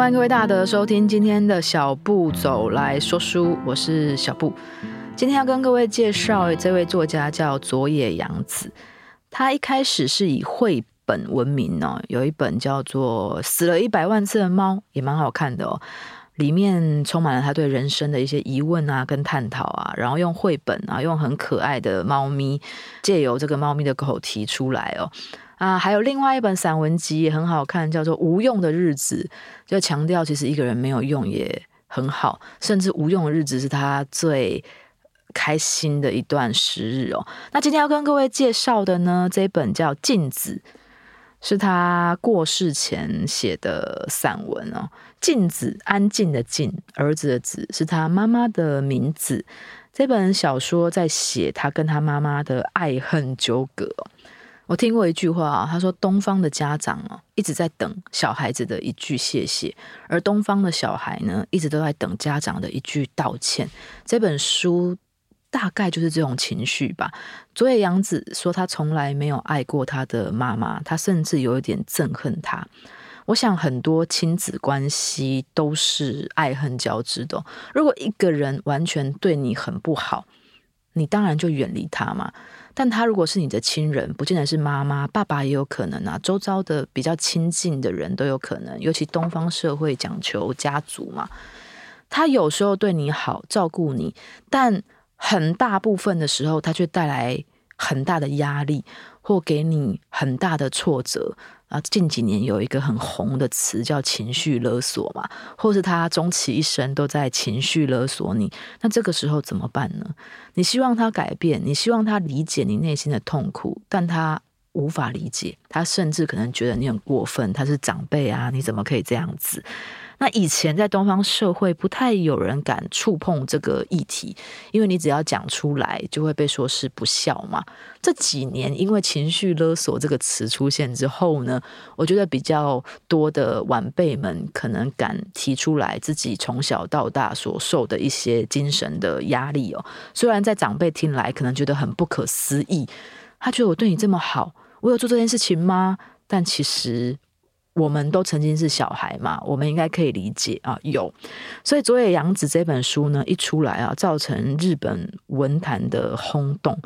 歡迎各位大德收聽今天的小步走來說書，我是小步。今天要跟各位介紹這位作家叫佐野洋子，他一開始是以繪本聞名哦，有一本叫做《死了一百萬次的貓》也蠻好看的哦，裡面充滿了他對人生的一些疑問啊跟探討啊，然後用繪本啊，用很可愛的貓咪，借由這個貓咪的口提出來哦。啊，還有另外一本散文集也很好看，叫做《無用的日子》，就強調其實一個人沒有用也很好，甚至無用的日子是他最開心的一段時日哦。那今天要跟各位介紹的呢，這本叫《靜子》，是他過世前寫的散文哦。靜子，安靜的靜，兒子的子，是他媽媽的名字。這本小說在寫他跟他媽媽的愛恨糾葛。我聽過一句話啊，他說東方的家長哦，一直在等小孩子的一句謝謝，而東方的小孩呢，一直都在等家長的一句道歉。這本書大概就是這種情緒吧。佐野洋子說他從來沒有愛過他的媽媽，他甚至有一點憎恨他。我想很多親子關係都是愛恨交織的。如果一個人完全對你很不好，你當然就遠離他嘛，但他如果是你的親人，不見得是媽媽、爸爸也有可能啊，周遭的比較親近的人都有可能，尤其東方社會講求家族嘛，他有時候對你好，照顧你，但很大部分的時候，他卻帶來很大的壓力，或給你很大的挫折。啊，近幾年有一個很紅的詞叫情緒勒索嘛，或是他終其一生都在情緒勒索你，那這個時候怎麼辦呢？你希望他改變，你希望他理解你內心的痛苦，但他無法理解，他甚至可能覺得你很過分，他是長輩啊，你怎麼可以這樣子？那以前在東方社會不太有人敢觸碰這個議題，因為你只要講出來就會被說是不孝嘛。這幾年因為“情緒勒索”這個詞出現之後呢，我覺得比較多的晚輩們可能敢提出來自己從小到大所受的一些精神的壓力哦。雖然在長輩聽來可能覺得很不可思議，他覺得我對你這麼好，我有做這件事情嗎？但其實。我們都曾經是小孩嘛，我們應該可以理解啊。有，所以佐野洋子這本書呢，一出來啊，造成日本文壇的轟動。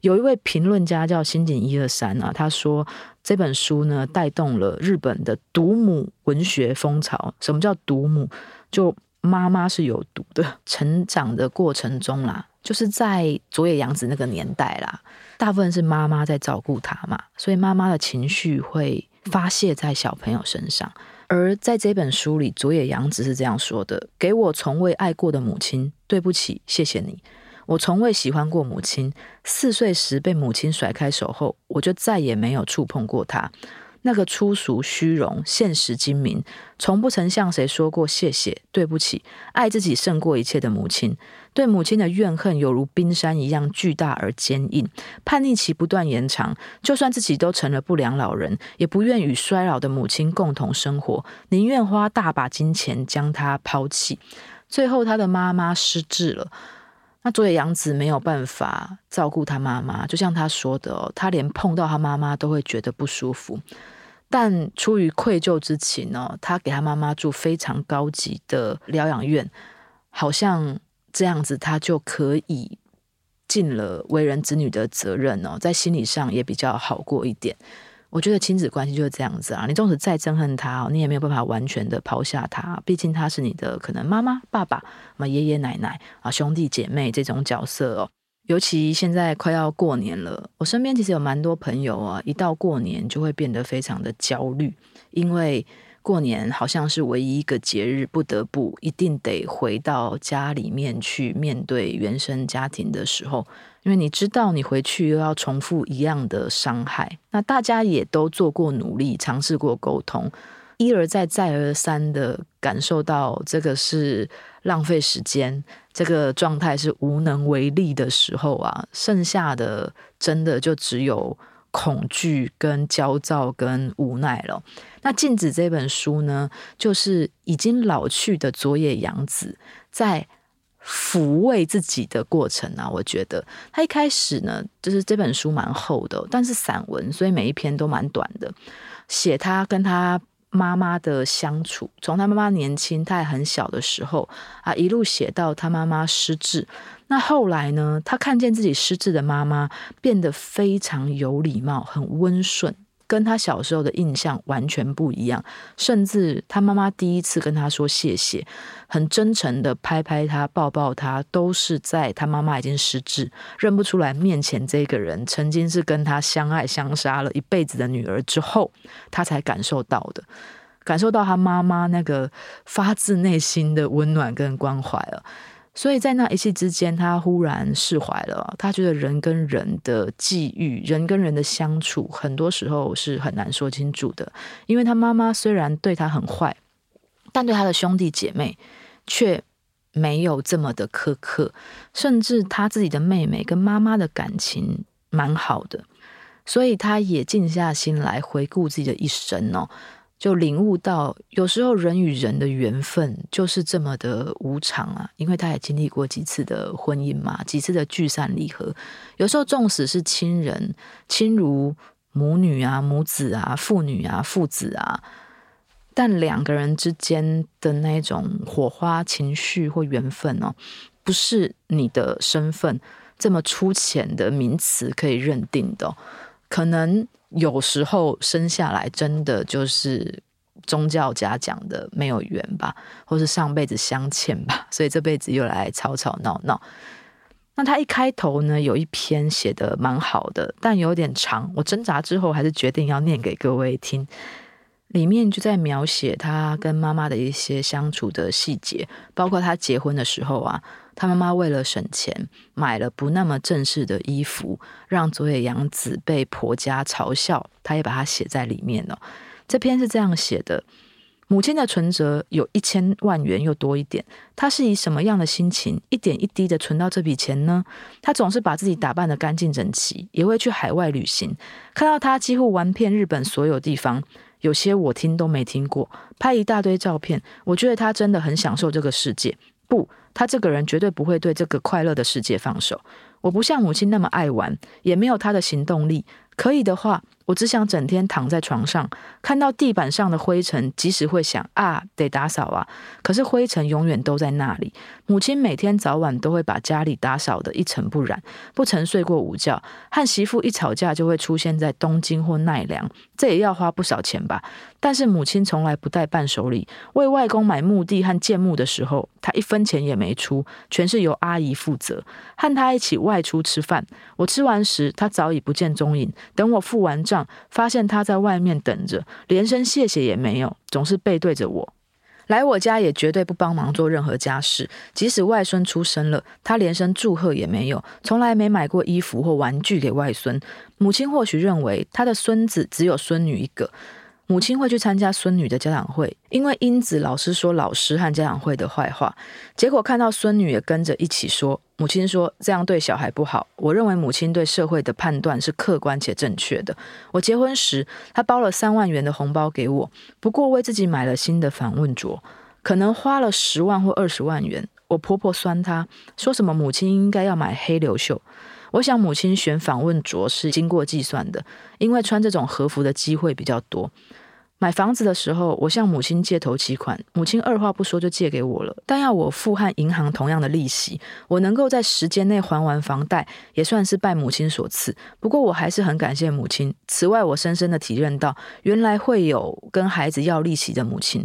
有一位評論家叫新井一二三啊，他說這本書呢帶動了日本的毒母文學風潮。什麼叫毒母？就媽媽是有毒的。成長的過程中啦，啊，就是在佐野洋子那個年代啦，大部分是媽媽在照顧他嘛，所以媽媽的情緒會發洩在小朋友身上，而在這本書裡，佐野洋子是這樣說的：“給我從未愛過的母親，對不起，謝謝你。我從未喜歡過母親。四歲時被母親甩開手後，我就再也沒有觸碰過她。”那個粗俗、虛榮、現實、精明，從不曾向誰說過謝謝、對不起，愛自己勝過一切的母親，對母親的怨恨猶如冰山一樣巨大而堅硬。叛逆期不斷延長，就算自己都成了不良老人，也不願與衰老的母親共同生活，寧願花大把金錢將她拋棄。最後，她的媽媽失智了，那佐野洋子沒有辦法照顧她媽媽，就像她說的，她連碰到她媽媽都會覺得不舒服。但出於愧疚之情呢、哦，他給他媽媽住非常高級的療養院，好像這樣子他就可以盡了為人子女的責任哦，在心理上也比較好過一點。我覺得親子關係就是這樣子啊，你縱使再憎恨他、哦，你也沒有辦法完全的拋下他，畢竟他是你的可能媽媽、爸爸、嘛爺爺奶奶啊，兄弟姐妹這種角色哦。尤其現在快要過年了，我身邊其實有蠻多朋友啊，一到過年就會變得非常的焦慮，因為過年好像是唯一一個節日，不得不一定得回到家裡面去面對原生家庭的時候，因為你知道，你回去又要重複一樣的傷害，那大家也都做過努力，嘗試過溝通，一而再，再而三的感受到這個是浪費時間。這個狀態是無能為力的時候啊，剩下的真的就只有恐懼、跟焦躁、跟無奈了。那《靜子》這本書呢，就是已經老去的佐野洋子在撫慰自己的過程啊。我覺得他一開始呢，就是這本書蠻厚的，但是散文，所以每一篇都蠻短的，寫他跟他。媽媽的相處，從他媽媽年輕、他也很小的時候啊，一路寫到他媽媽失智。那後來呢？他看見自己失智的媽媽變得非常有禮貌，很溫順。跟他小時候的印象完全不一樣，甚至他媽媽第一次跟他說謝謝，很真誠的拍拍他、抱抱他，都是在他媽媽已經失智、認不出來面前這個人曾經是跟他相愛相殺了一輩子的女兒之後，他才感受到的，感受到他媽媽那個發自內心的溫暖跟關懷了啊。所以在那一夕之間，他忽然釋懷了。他覺得人跟人的際遇，人跟人的相處，很多時候是很難說清楚的。因為他媽媽雖然對他很壞，但對他的兄弟姐妹卻沒有這麼的苛刻。甚至他自己的妹妹跟媽媽的感情蠻好的，所以他也靜下心來回顧自己的一生哦。就領悟到，有時候人與人的緣分就是這麼的無常啊！因為他也經歷過幾次的婚姻嘛，幾次的聚散離合。有時候，縱使是親人，親如母女啊、母子啊、父女啊、父子啊，但兩個人之間的那種火花、情緒或緣分哦，不是你的身份這麼粗淺的名詞可以認定的哦，可能。有時候生下來真的就是宗教家講的沒有緣吧，或是上輩子相欠吧，所以這輩子又來吵吵鬧鬧。那他一開頭呢，有一篇寫得蠻好的，但有點長。我掙扎之後還是決定要念給各位聽。裡面就在描寫他跟媽媽的一些相處的細節，包括他結婚的時候啊。他媽媽為了省錢，買了不那麼正式的衣服，讓佐野洋子被婆家嘲笑。她也把它寫在裡面了哦。這篇是這樣寫的：母親的存摺有一千萬元又多一點。她是以什麼樣的心情一點一滴的存到這筆錢呢？她總是把自己打扮得乾淨整齊，也會去海外旅行。看到她幾乎玩遍日本所有地方，有些我聽都沒聽過，拍一大堆照片。我覺得她真的很享受這個世界。不。他這個人絕對不會對這個快樂的世界放手。我不像母親那麼愛玩，也沒有她的行動力。可以的話，我只想整天躺在床上，看到地板上的灰塵，即使會想啊，得打掃啊，可是灰塵永遠都在那裡。母親每天早晚都會把家裡打掃得一塵不染，不曾睡過午覺。和媳婦一吵架，就會出現在東京或奈良，這也要花不少錢吧。但是母親從來不帶伴手禮。為外公買墓地和建墓的時候，她一分錢也沒出，全是由阿姨負責。和她一起外外出吃飯，我吃完時，他早已不見蹤影。等我付完賬，發現他在外面等着，連聲謝謝也沒有，總是背對着我。來我家也絕對不幫忙做任何家事，即使外孫出生了，他連聲祝賀也沒有，從來沒買過衣服或玩具給外孫。母親或許認為他的孫子只有孫女一個。母親會去參加孫女的家長會，因為英子老是說老師和家長會的壞話，結果看到孫女也跟着一起說。母親說這樣對小孩不好。我認為母親對社會的判斷是客觀且正確的。我結婚時，她包了三萬元的紅包給我，不過為自己買了新的訪問著，可能花了十萬或二十萬元。我婆婆酸她說什麼母親應該要買黑留袖。我想母親選訪問著是經過計算的，因為穿這種和服的機會比較多。買房子的時候，我向母親借頭期款，母親二話不說就借給我了，但要我付和銀行同樣的利息。我能夠在時間內還完房貸，也算是拜母親所賜。不過我還是很感謝母親。此外，我深深的體認到，原來會有跟孩子要利息的母親。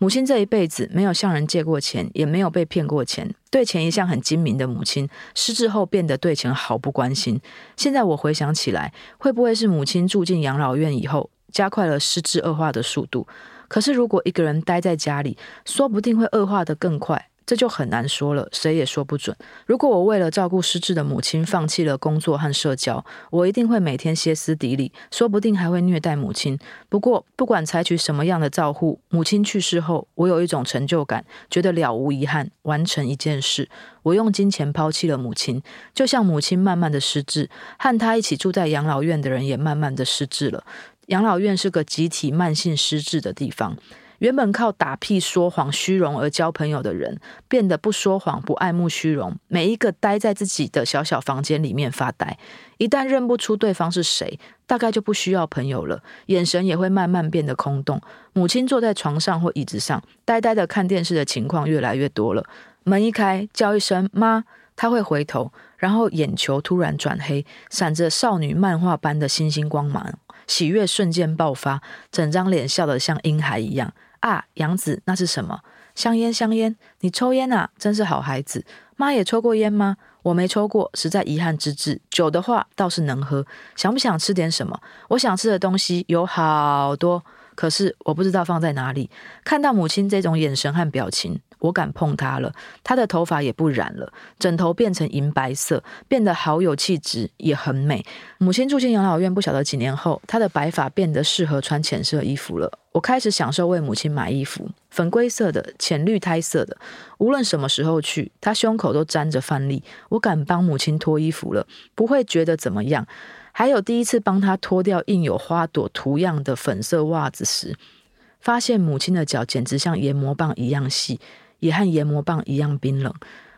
母親這一輩子沒有向人借過錢，也沒有被騙過錢。對錢一向很精明的母親，失智後變得對錢毫不關心。現在我回想起來，會不會是母親住進養老院以後，加快了失智惡化的速度？可是如果一個人待在家裡，說不定會惡化得更快。這就很難說了，誰也說不準。如果我為了照顧失智的母親，放棄了工作和社交，我一定會每天歇斯底里，說不定還會虐待母親。不過，不管採取什麼樣的照顧，母親去世後，我有一種成就感，覺得了無遺憾，完成一件事。我用金錢拋棄了母親，就像母親慢慢的失智，和她一起住在養老院的人也慢慢的失智了。養老院是個集體慢性失智的地方。原本靠打屁、說謊、虛榮而交朋友的人，變得不說謊、不愛慕虛榮。每一個待在自己的小小房間裡面發呆，一旦認不出對方是誰，大概就不需要朋友了。眼神也會慢慢變得空洞。母親坐在床上或椅子上，呆呆的看電視的情況越來越多了。門一開，叫一聲“媽”，她會回頭，然後眼球突然轉黑，閃着少女漫畫般的星星光芒，喜悅瞬間爆發，整張臉笑得像嬰孩一樣。啊，洋子，那是什麼？香菸，香菸，你抽菸啊？真是好孩子。媽也抽過菸嗎？我沒抽過，實在遺憾之至。酒的話倒是能喝。想不想吃點什麼？我想吃的東西有好多，可是我不知道放在哪裡。看到母親這種眼神和表情。我敢碰她了，她的頭髮也不染了，枕頭變成銀白色，變得好有氣質，也很美。母親住進養老院，不曉得幾年後，她的白髮變得適合穿淺色衣服了。我開始享受為母親買衣服，粉灰色的、淺綠苔色的，無論什麼時候去，她胸口都沾着飯粒。我敢幫母親脫衣服了，不會覺得怎麼樣。還有第一次幫她脫掉印有花朵圖樣的粉色襪子時，發現母親的腳簡直像研磨棒一樣細。也和研磨棒一樣冰冷，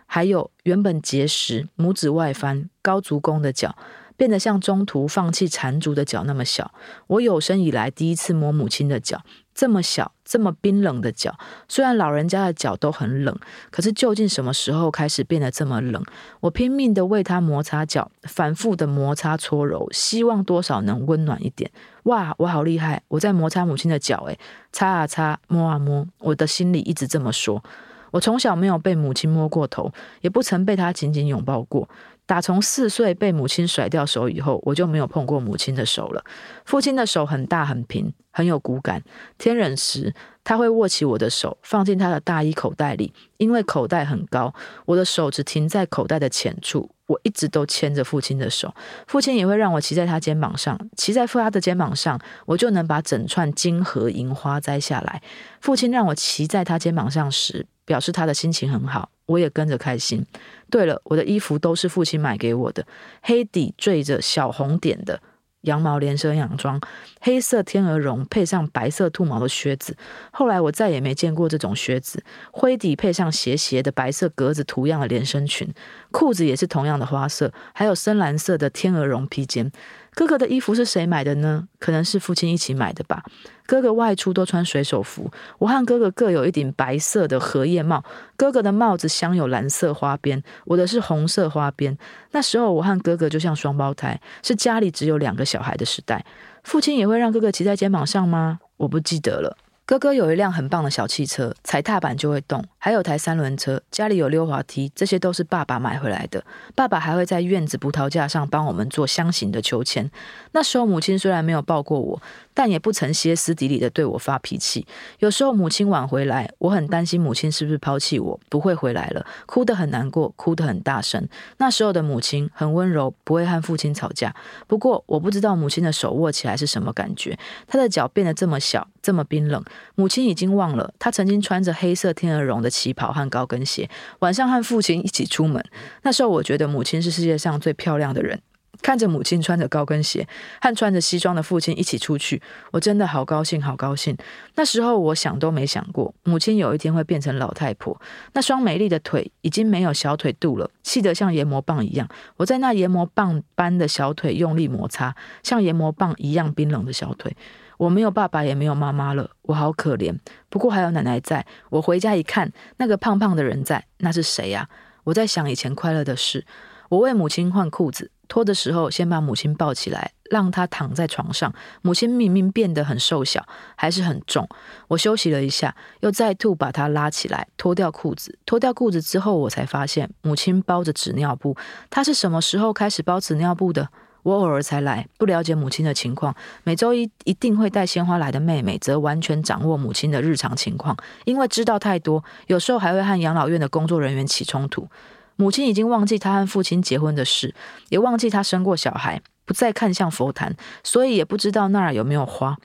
還有原本結實、拇指外翻、高足弓的腳，變得像中途放棄纏足的腳那麼小。我有生以來第一次摸母親的腳，這麼小、這麼冰冷的腳。雖然老人家的腳都很冷，可是究竟什麼時候開始變得這麼冷？我拼命的為她摩擦腳，反覆的摩擦搓揉，希望多少能溫暖一點。哇，我好厲害，我在摩擦母親的腳，誒，擦啊擦，摸啊摸，我的心裡一直這麼說。我從小沒有被母親摸過頭，也不曾被她緊緊擁抱過。打從四歲被母親甩掉手以後，我就沒有碰過母親的手了。父親的手很大、很平、很有骨感。天冷時，他會握起我的手，放進他的大衣口袋裡，因為口袋很高，我的手只停在口袋的淺處。我一直都牽着父親的手，父親也會讓我騎在他肩膀上。騎在父他的肩膀上，我就能把整串金和銀花摘下來。父親讓我騎在他肩膀上時，表示他的心情很好，我也跟着開心。對了，我的衣服都是父親買給我的，黑底綴着小紅點的羊毛連身洋裝，黑色天鵝絨配上白色兔毛的靴子。後來我再也沒見過這種靴子。灰底配上斜斜的白色格子圖樣的連身裙，褲子也是同樣的花色，還有深藍色的天鵝絨披肩。哥哥的衣服是誰買的呢？可能是父親一起買的吧。哥哥外出都穿水手服。我和哥哥各有一頂白色的荷葉帽，哥哥的帽子鑲有藍色花邊，我的是紅色花邊。那時候我和哥哥就像雙胞胎，是家裡只有兩個小孩的時代。父親也會讓哥哥騎在肩膀上嗎？我不記得了。哥哥有一輛很棒的小汽車，踩踏板就會動。還有台三輪車，家裡有溜滑梯，這些都是爸爸買回來的。爸爸還會在院子葡萄架上幫我們做箱型的秋千。那時候母親雖然沒有抱過我，但也不曾歇斯底里的對我發脾氣。有時候母親晚回來，我很擔心母親是不是拋棄我，不會回來了，哭得很難過，哭得很大聲。那時候的母親很溫柔，不會和父親吵架。不過我不知道母親的手握起來是什麼感覺，她的腳變得這麼小，這麼冰冷。母親已經忘了她曾經穿着黑色天鵝絨的。旗袍和高跟鞋，晚上和父親一起出門。那時候，我覺得母親是世界上最漂亮的人。看着母親穿着高跟鞋，和穿着西裝的父親一起出去，我真的好高興，好高興。那時候，我想都沒想過，母親有一天會變成老太婆。那雙美麗的腿已經沒有小腿肚了，細得像研磨棒一樣。我在那研磨棒般的小腿用力摩擦，像研磨棒一樣冰冷的小腿。我沒有爸爸也沒有媽媽了，我好可憐。不過還有奶奶在。我回家一看，那個胖胖的人在，那是誰呀？我在想以前快樂的事。我為母親換褲子，脫的時候先把母親抱起來，讓她躺在床上。母親明明變得很瘦小，還是很重。我休息了一下，又再度，把她拉起來，脫掉褲子。脫掉褲子之後，我才發現母親包着紙尿布。她是什麼時候開始包紙尿布的？我偶爾才來，不了解母親的情況。每周一一定會帶鮮花來的妹妹，則完全掌握母親的日常情況，因為知道太多，有時候還會和養老院的工作人員起衝突。母親已經忘記她和父親結婚的事，也忘記她生過小孩，不再看向佛壇，所以也不知道那兒有沒有花。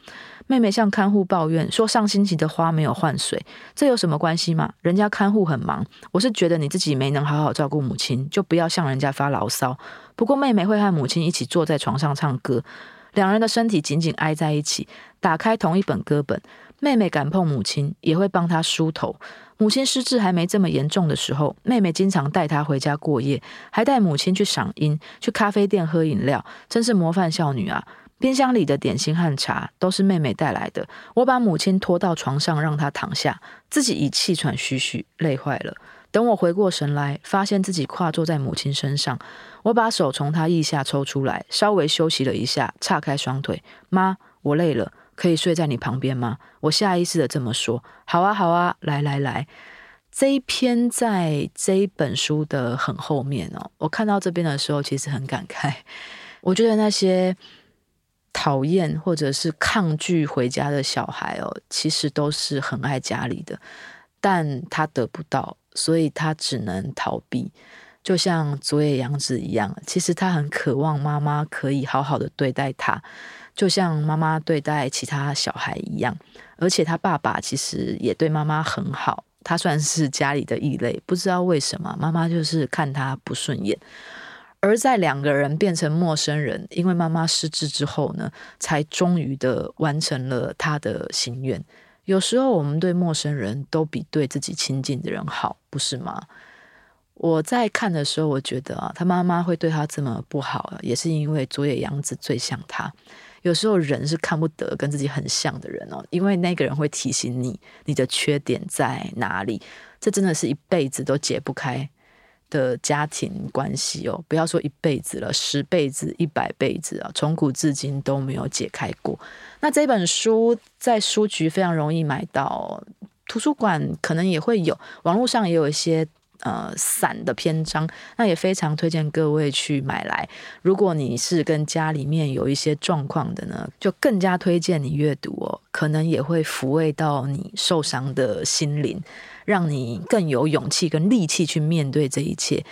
妹妹向看護抱怨說：“上星期的花沒有換水，這有什麼關係嗎？人家看護很忙。我是覺得你自己沒能好好照顧母親，就不要向人家發牢騷。不過，妹妹會和母親一起坐在床上唱歌，兩人的身體緊緊挨在一起，打開同一本歌本。妹妹敢碰母親，也會幫她梳頭。母親失智還沒這麼嚴重的時候，妹妹經常帶她回家過夜，還帶母親去賞櫻、去咖啡店喝飲料，真是模範少女啊！”冰箱裡的點心和茶都是妹妹帶來的。我把母親拖到床上，讓她躺下，自己已氣喘吁吁，累壞了。等我回過神來，發現自己跨坐在母親身上，我把手從她腋下抽出來，稍微休息了一下，岔開雙腿。媽，我累了，可以睡在你旁邊嗎？我下意識的這麼說。好啊，好啊，來來來，這一篇在這一本書的很後面哦。我看到這邊的時候，其實很感慨。我覺得那些。討厭或者是抗拒回家的小孩哦，其實都是很愛家裡的，但他得不到，所以他只能逃避，就像佐野洋子一樣。其實他很渴望媽媽可以好好的對待他，就像媽媽對待其他小孩一樣。而且他爸爸其實也對媽媽很好，他算是家裡的異類，不知道為什麼，媽媽就是看他不順眼。而在兩個人變成陌生人，因為媽媽失智之後呢，才終於的完成了他的心願。有時候我們對陌生人都比對自己親近的人好，不是嗎？我在看的時候，我覺得啊，他媽媽會對他這麼不好啊，也是因為佐野洋子最像他。有時候人是看不得跟自己很像的人哦啊，因為那個人會提醒你你的缺點在哪裡。這真的是一輩子都解不開。的家庭關係哦，不要說一輩子了，十輩子、一百輩子啊，從古至今都沒有解開過。那這本書在書局非常容易買到，圖書館可能也會有，網絡上也有一些。呃，散的篇章，那也非常推薦各位去買來。如果你是跟家裡面有一些狀況的呢，就更加推薦你閱讀哦，可能也會撫慰到你受傷的心靈，讓你更有勇氣跟力氣去面對這一切。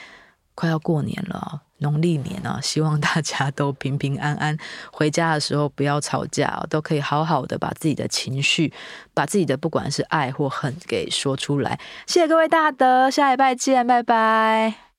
快要過年了，農曆年啊，希望大家都平平安安。回家的時候不要吵架，都可以好好的把自己的情緒，把自己的不管是愛或恨給說出來。謝謝各位大德，下禮拜見，拜拜。